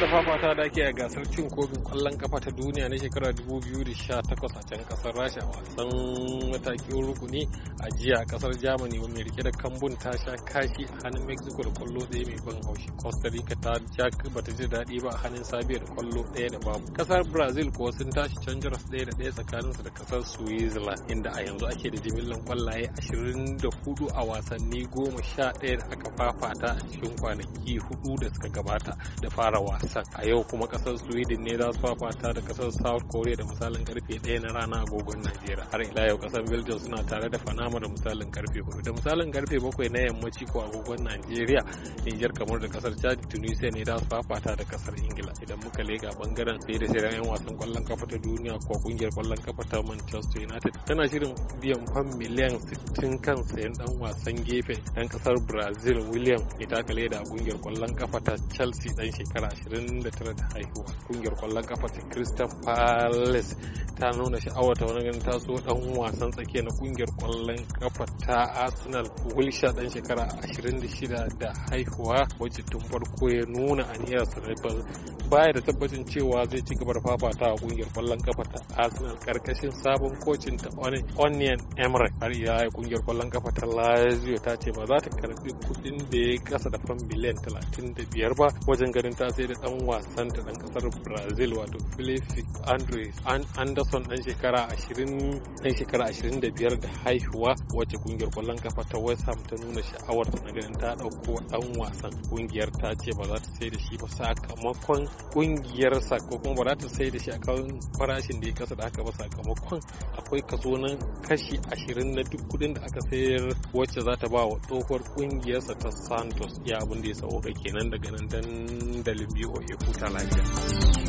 gaba da fafata da ake a gasar cin kofin kwallon kafa ta duniya na shekara 2018 a can kasar rasha wasan matakin rukuni a jiya a kasar germany mai rike da kambun ta sha kashi a hannun mexico da kwallo ɗaya mai ban haushi costa rica ta ja ba ta ji daɗi ba a hannun sabiya da kwallo ɗaya da babu kasar brazil kuwa sun tashi can su daya da ɗaya su da kasar switzerland inda a yanzu ake da jimillan kwallaye 24 a wasanni goma sha ɗaya da aka fafata a cikin kwanaki hudu da suka gabata da fara wasa wasan a yau kuma kasar sweden ne za su fafata da kasar south korea da misalin karfe 1 na rana agogon najeriya har ila yau kasar belgium suna tare da fanama da misalin karfe 4 da misalin karfe 7 na yammaci ko agogon najeriya niger kamar da kasar chad tunisia ne za su fafata da kasar ingila idan muka lega bangaren sai da shirin yan wasan kwallon kafa ta duniya ko kungiyar kwallon kafa ta manchester united tana shirin biyan fam miliyan 60 kan sayan dan wasan gefe dan kasar brazil william ita kale da kungiyar kwallon kafa ta chelsea dan shekara 20 29 da haihuwa kungiyar kwallon kafa ta crystal palace ta nuna sha'awar ta wani ganin taso dan wasan tsakiya na kungiyar kwallon kafa ta Arsenal Wilshere dan shekara 26 da haihuwa wacce tun farko ya nuna aniyar sa baya da tabbacin cewa zai ci gaba da fafata a kungiyar kwallon kafa ta Arsenal karkashin sabon kocin ta Onion Emery har iya kungiyar kwallon kafa ta Lazio ta ce ba za ta karbi kudin da ya kasa da fan miliyan 35 ba wajen ganin ta sai da dan wasan ta dan kasar Brazil wato Felipe Andres Anderson son dan shekara 20 dan shekara 25 da haihuwa wacce kungiyar kwallon kafa ta West Ham ta nuna sha'awar ta ganin ta dauko dan wasan kungiyar ta ce ba za ta sai da shi ba sakamakon kungiyar sa ko kuma ba za ta sai da shi a kan farashin da ya kasa da haka ba sakamakon akwai kaso na kashi 20 na duk kudin da aka sayar wacce za ta ba wa tsohuwar sa ta Santos ya abin da ya sauka kenan daga nan dandalin ya huta lafiya.